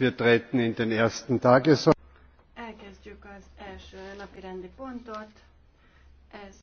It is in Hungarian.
Wir treten in den ersten Tagesordnungspunkt. Elkezdjük az első napi pontot.